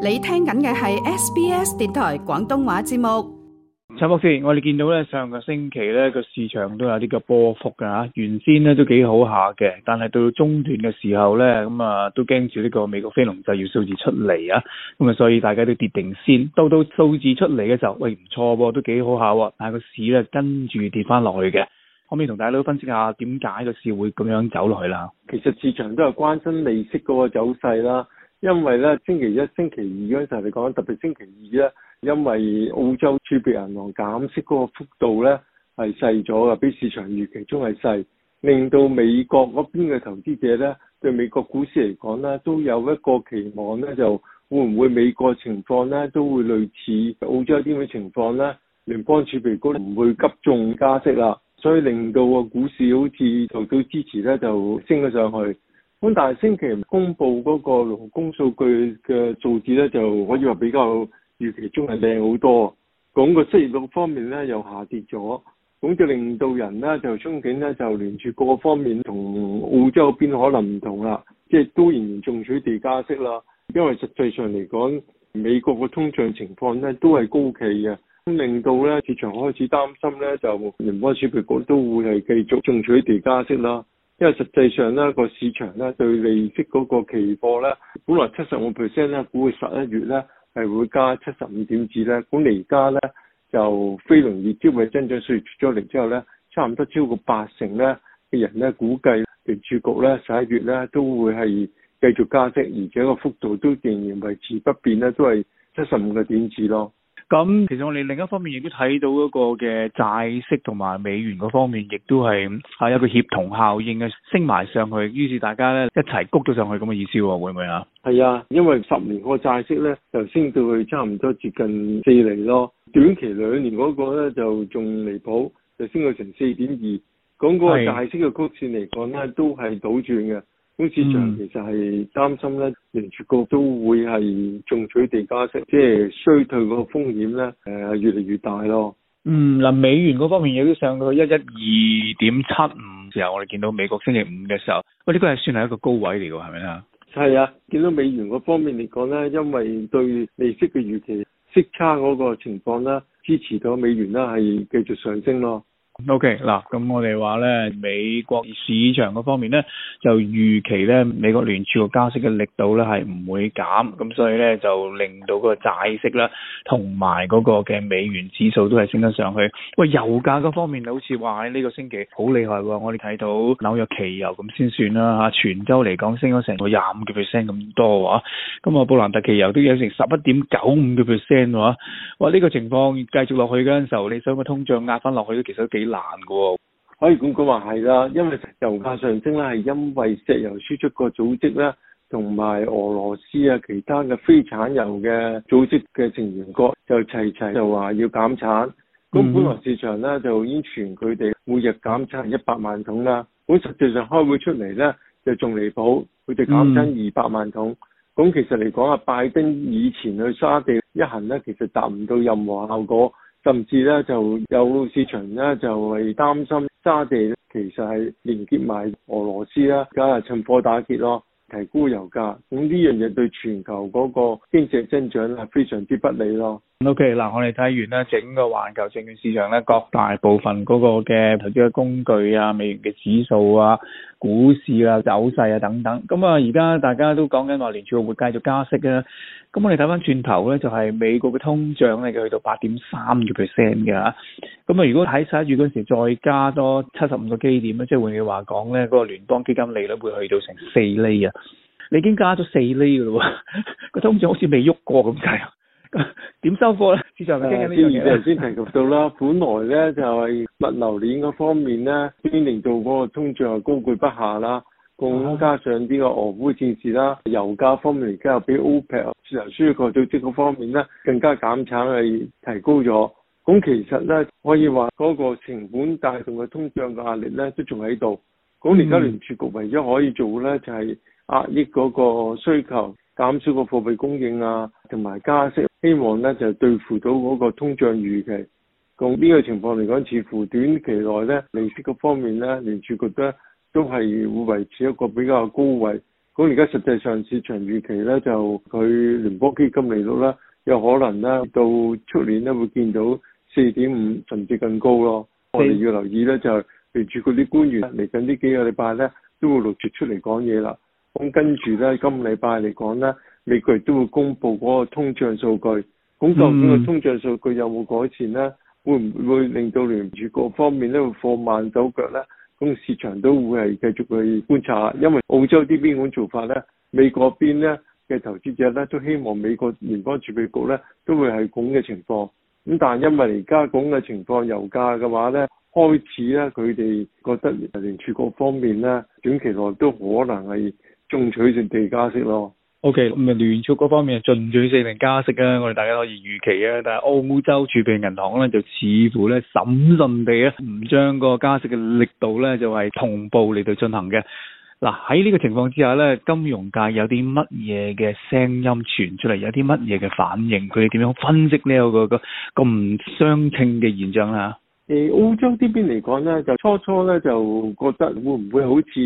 你聽緊嘅係 SBS 電台廣東話節目。陳博士，我哋見到咧上個星期咧個市場都有啲個波幅㗎。吓，原先咧都幾好下嘅，但係到中段嘅時候咧咁啊，都驚住呢個美國非農就業數字出嚟啊，咁啊，所以大家都跌定先。到到數字出嚟嘅時候，喂唔錯喎，都幾好下，但係個市咧跟住跌翻落去嘅。可唔可以同大家都分析下點解個市會咁樣走落去啦。其實市場都係關心利息嗰個走勢啦。因為咧星期一、星期二嗰陣時講，特別星期二咧，因為澳洲儲備銀行減息嗰個幅度咧係細咗嘅，比市場預期中係細，令到美國嗰邊嘅投資者咧，對美國股市嚟講咧，都有一個期望咧，就會唔會美國情況咧，都會類似澳洲啲咁嘅情況咧，聯邦儲備局唔會急重加息啦，所以令到個股市好似受到支持咧，就升咗上去。咁但係星期五公布嗰個勞工數據嘅數字咧，就可以話比較預期中係靚好多。講、嗰個失業率方面咧，又下跌咗，咁就令到人咧就憧憬咧，就連住各個方面同澳洲邊可能唔同啦，即係都仍然重取地加息啦。因為實際上嚟講，美國嘅通脹情況咧都係高企嘅，咁令到咧市場開始擔心咧就聯邦儲備局都會係繼續重取地加息啦。因為實際上咧、呢個市場咧對利息嗰個期貨咧，本來七十五 percent 咧，估計十一月咧係會加七十五點字咧，咁你而家咧就非農業就業嘅增長數字出咗嚟之後咧，差唔多超過八成咧嘅人咧估計，聯儲局咧十一月咧都會係繼續加息，而且個幅度都仍然維持不變咧，都係七十五個點字咯。咁，其實我哋另一方面亦都睇到一個嘅債息同埋美元嗰方面，亦都係係一個協同效應嘅升埋上去，於是大家咧一齊谷咗上去咁嘅意思喎，會唔會啊？係啊，因為十年個債息咧就升到去差唔多接近四厘咯，短期兩年嗰個咧就仲離譜，就升到成四點二，咁個債息嘅曲線嚟講咧都係倒轉嘅。金、嗯、市場其實係擔心咧，聯儲局都會係重取地加息，即、就、係、是、衰退個風險咧，誒，越嚟越大咯。嗯，嗱，美元嗰方面亦都上到一一二點七五時候，我哋見到美國星期五嘅時候，喂，呢個係算係一個高位嚟嘅，係咪啊？係啊，見到美元嗰方面嚟講咧，因為對利息嘅預期息差嗰個情況咧，支持到美元啦，係繼續上升咯。O.K. 嗱，咁我哋話咧，美國市場嗰方面咧，就預期咧，美國聯儲個加息嘅力度咧係唔會減，咁所以咧就令到個債息啦，同埋嗰個嘅美元指數都係升得上去。喂，油價嗰方面好似話喺呢個星期好厲害，我哋睇到紐約期油咁先算啦吓，全周嚟講升咗成個廿五個 percent 咁多喎。咁啊布蘭特期油都有成十一點九五個 percent 哇！呢、這個情況繼續落去嘅時候，你想個通脹壓翻落去都其實都幾？難嘅可以咁講話係啦，因為油價上升咧，係因為石油輸出國組織咧，同埋俄羅斯啊，其他嘅非產油嘅組織嘅成員國就齊齊就話要減產。咁、mm. 本來市場咧就已經傳佢哋每日減產一百萬桶啦，咁實際上開會出嚟咧就仲離譜，佢哋減產二百萬桶。咁、mm. 其實嚟講啊，拜登以前去沙地一行咧，其實達唔到任何效果。甚至咧就有市場咧就係擔心沙地咧其實係連結埋俄羅斯啦，梗係趁火打劫咯，提高油價。咁呢樣嘢對全球嗰個經濟增長係非常之不利咯。O K，嗱我哋睇完啦，整個環球證券市場咧，各大部分嗰個嘅投資嘅工具啊、美元嘅指數啊、股市啊走勢啊等等，咁啊，而家大家都講緊話，聯儲會繼續加息啊。咁我哋睇翻轉頭咧，就係、是、美國嘅通脹咧，就去到八點三嘅 percent 噶。咁啊，如果喺十一月嗰時再加多七十五個基點咧，即係換句話講咧，嗰、那個聯邦基金利率會去到成四厘啊。你已經加咗四厘噶咯喎，個通脹好似未喐過咁計。點 收貨咧？主席，啲意見先提及到啦。 本來咧就係、是、物流鏈方面咧，先令到嗰個通脹高居不下啦，咁加上呢個俄烏戰事啦，油價方面而家又俾 OPEC、石油輸出國組織嗰方面咧更加減產係提高咗。咁其實咧可以話嗰個成本帶動嘅通脹嘅壓力咧都仲喺度。咁而家聯儲局唯一可以做咧就係壓抑嗰個需求，減少個貨幣供應啊。同埋加息，希望咧就對付到嗰個通脹預期。咁呢個情況嚟講，似乎短期內咧，利息嗰方面咧，聯儲局咧都係會維持一個比較高位。咁而家實際上市場預期咧，就佢聯邦基金利率咧，有可能咧到出年咧會見到四點五甚至更高咯。嗯、我哋要留意咧，就聯儲局啲官員嚟緊呢幾個禮拜咧，都會陸續出嚟講嘢啦。咁跟住咧，今禮拜嚟講咧。美國都會公布嗰個通脹數據，咁究竟個通脹數據有冇改善呢？會唔會令到聯儲各方面呢放慢手腳呢？咁、嗰個、市場都會係繼續去觀察，因為澳洲啲邊管做法呢，美國邊呢嘅投資者呢，都希望美國聯邦儲備局呢都會係咁嘅情況，咁但係因為而家咁嘅情況，油價嘅話呢開始呢，佢哋覺得聯儲各方面呢，短期內都可能係中取成地加息咯。OK，咁啊，聯儲嗰方面啊，進取四定加息啊，我哋大家可以預期啊。但係澳洲儲備銀行咧，就似乎咧審慎地啊，唔將個加息嘅力度咧，就係同步嚟到進行嘅。嗱，喺呢個情況之下咧，金融界有啲乜嘢嘅聲音傳出嚟，有啲乜嘢嘅反應，佢哋點樣分析呢個個咁唔相稱嘅現象啦？誒、澳洲呢邊嚟講咧，就初初咧就覺得會唔會好似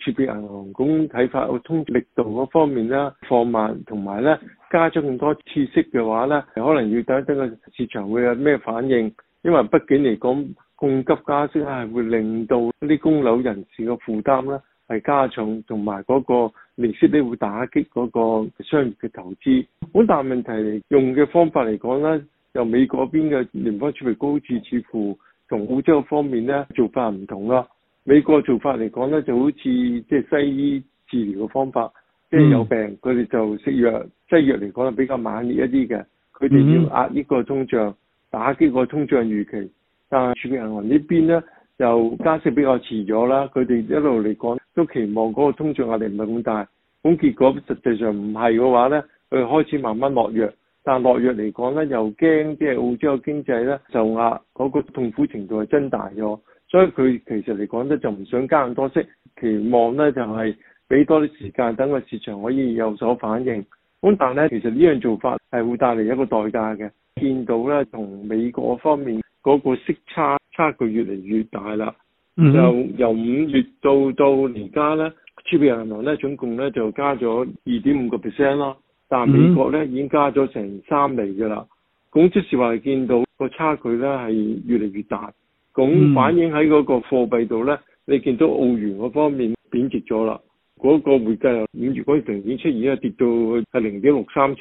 儲備銀行咁睇法，通力度嗰方面咧放慢，同埋咧加咗咁多次息嘅話咧，可能要等一等個市場會有咩反應。因為畢竟嚟講，供急加息咧係會令到一啲供樓人士嘅負擔咧係加重，同埋嗰個利息咧會打擊嗰個商業嘅投資。好大問題嚟用嘅方法嚟講咧。由美國嗰邊嘅聯邦儲備高處，似乎同澳洲方面咧做法唔同咯。美國做法嚟講咧，就好似即係西醫治療嘅方法，嗯、即係有病佢哋就食藥，即係藥嚟講係比較猛烈一啲嘅。佢哋要壓呢個通脹，打擊個通脹預期。但係儲備銀行呢邊咧，就加息比較遲咗啦。佢哋一路嚟講都期望嗰個通脹壓力唔係咁大。咁結果實際上唔係嘅話咧，佢開始慢慢落藥。但落藥嚟講咧，又驚即係澳洲經濟咧受壓，嗰、嗰個痛苦程度係增大咗，所以佢其實嚟講咧就唔想加咁多息，期望咧就係俾多啲時間等個市場可以有所反應。咁但咧其實呢樣做法係會帶嚟一個代價嘅，見到咧同美國方面嗰、嗰個息差差距越嚟越大啦，mm hmm. 就由五月到到而家咧，儲備銀行咧總共咧就加咗二點五個 percent 咯。但美國咧、mm hmm. 已經加咗成三厘嘅啦，咁、mm hmm. 即是話見到個差距咧係越嚟越大，咁、mm hmm. 反映喺嗰個貨幣度咧，你見到澳元嗰方面貶值咗啦，嗰、那個匯價由五月嗰陣時出現啊跌到係零點六三七，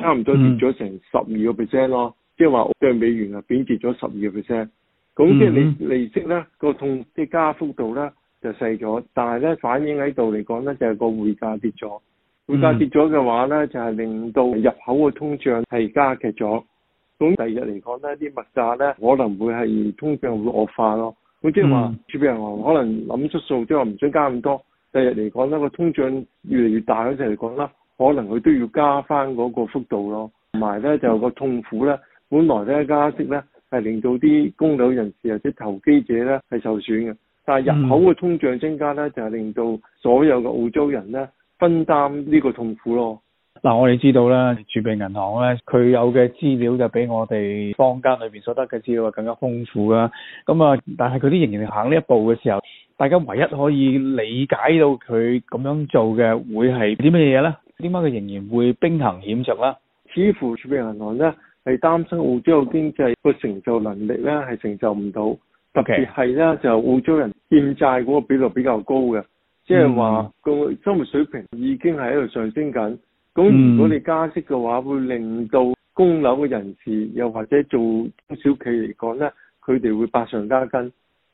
差唔多跌咗成十二個 percent 咯，mm hmm. 即係話兌美元啊貶值咗十二個 percent，咁即係你利息咧、那個痛即係加幅度咧就細咗，但係咧反映喺度嚟講咧就係、是、個匯價跌咗。匯價跌咗嘅話咧，嗯、就係令到入口嘅通脹係加劇咗。咁第二日嚟講咧，啲物價咧可能會係通脹會惡化咯。咁即係話，儲備銀行可能諗出數，即係話唔想加咁多。第日嚟講咧，個通脹越嚟越大嗰陣嚟講啦，可能佢都要加翻嗰個幅度咯。同埋咧，就個痛苦咧，本來咧加息咧係令到啲供樓人士或者投機者咧係受損嘅。但係入口嘅通脹增加咧，就係、是、令到所有嘅澳洲人咧。分擔呢個痛苦咯。嗱、嗯，我哋知道啦，儲備銀行咧，佢有嘅資料就比我哋坊間裏面所得嘅資料更加豐富㗎。咁、嗯、啊，但係佢啲仍然行呢一步嘅時候，大家唯一可以理解到佢咁樣做嘅，會係啲咩嘢呢？咧？點解佢仍然會兵行險著啦？似乎儲備銀行咧係擔心澳洲經濟個承受能力咧係承受唔到，Okay. 特別係咧就澳洲人欠債嗰個比率比較高嘅。即係話個生活水平已經係喺度上升緊，咁、嗯、如果你加息嘅話，會令到供樓嘅人士又或者做小企嚟講咧，佢哋會百上加斤。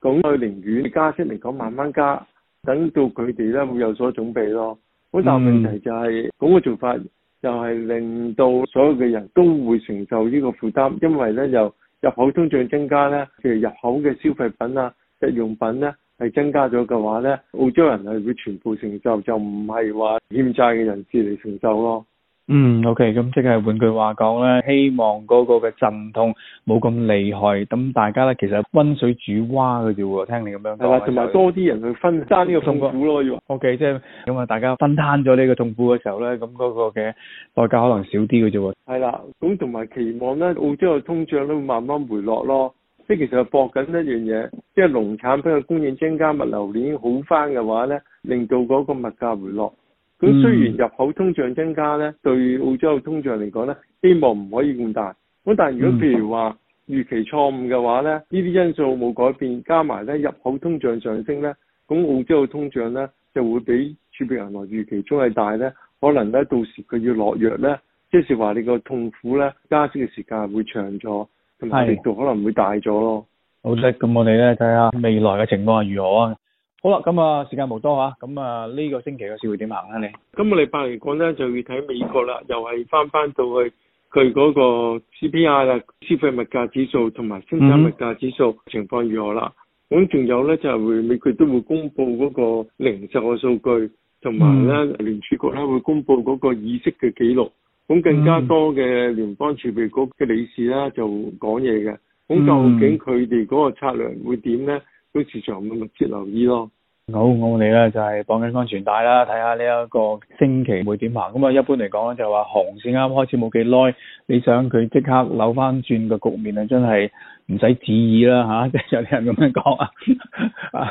咁佢寧願加息嚟講，慢慢加，等到佢哋咧會有所準備咯。好，但係問題就係、是，咁嘅、嗯、做法就係令到所有嘅人都會承受呢個負擔，因為咧由入口通脹增加咧，譬、就、如、是、入口嘅消費品啊、日用品咧。.係增加咗嘅話咧，澳洲人係會全部承受，就唔係話欠債嘅人士嚟承受咯。嗯，OK，咁即係換句話講咧，希望嗰個嘅陣痛冇咁厲害，咁大家咧其實溫水煮蛙嘅啫喎，聽你咁樣講，係啦，同埋的多啲人去分擔呢個痛苦咯，過要說。OK，即係咁啊，大家分攤咗呢個痛苦嘅時候咧，咁、那、嗰個嘅代價可能少啲嘅啫喎。係啦，咁同埋期望咧，澳洲嘅通脹都會慢慢回落咯。即其實係搏緊一樣嘢，即係農產品嘅供應增加、物流鏈好翻嘅話咧，令到嗰個物價回落。咁雖然入口通脹增加咧，對澳洲嘅通脹嚟講咧，希望唔可以咁大。咁但係如果譬如話預期錯誤嘅話咧，呢啲因素冇改變，加埋咧入口通脹上升咧，咁澳洲嘅通脹咧就會比儲備銀行預期中係大咧，可能咧到時佢要落藥咧，即是話你個痛苦咧加息嘅時間會長咗。係力度可能會大咗咯。好嘅，咁我哋咧睇下未來嘅情況係如何啊。好啦，咁啊時間冇多嚇，咁啊呢個星期嘅事會點啊？你咁個禮拜嚟講咧，就要睇美國啦，又係翻翻到去佢嗰個 CPI 啦，消費物價指數同埋生產物價指數情況如何啦。咁仲、mm hmm. 有咧就係會美國都會公布嗰個零售嘅數據，同埋咧聯儲局咧會公布嗰個議息嘅記錄。咁更加多嘅聯邦儲備局嘅理事啦，就講嘢嘅。咁究竟佢哋嗰個策略會點咧？都市場咪密切留意囉。好，我哋呢就係綁緊安全帶啦，睇下呢一個星期會點行。咁啊，一般嚟講咧，就話熊市啱開始冇幾耐，你想佢即刻扭翻轉個局面啊，真係唔使旨意啦吓，即係有啲人咁樣講啊，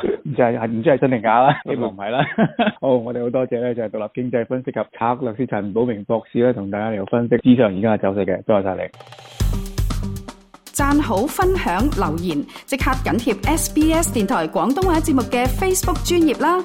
就係係唔知係真定假啦， 希望唔係啦。 好，我哋好多謝咧，就係、是、獨立經濟分析及策略師陳寶明博士咧，同大家嚟做分析，之上而家係走勢嘅，多謝晒你。讚好、分享、留言，即刻緊貼 SBS 電台廣東話節目嘅 Facebook 專頁啦！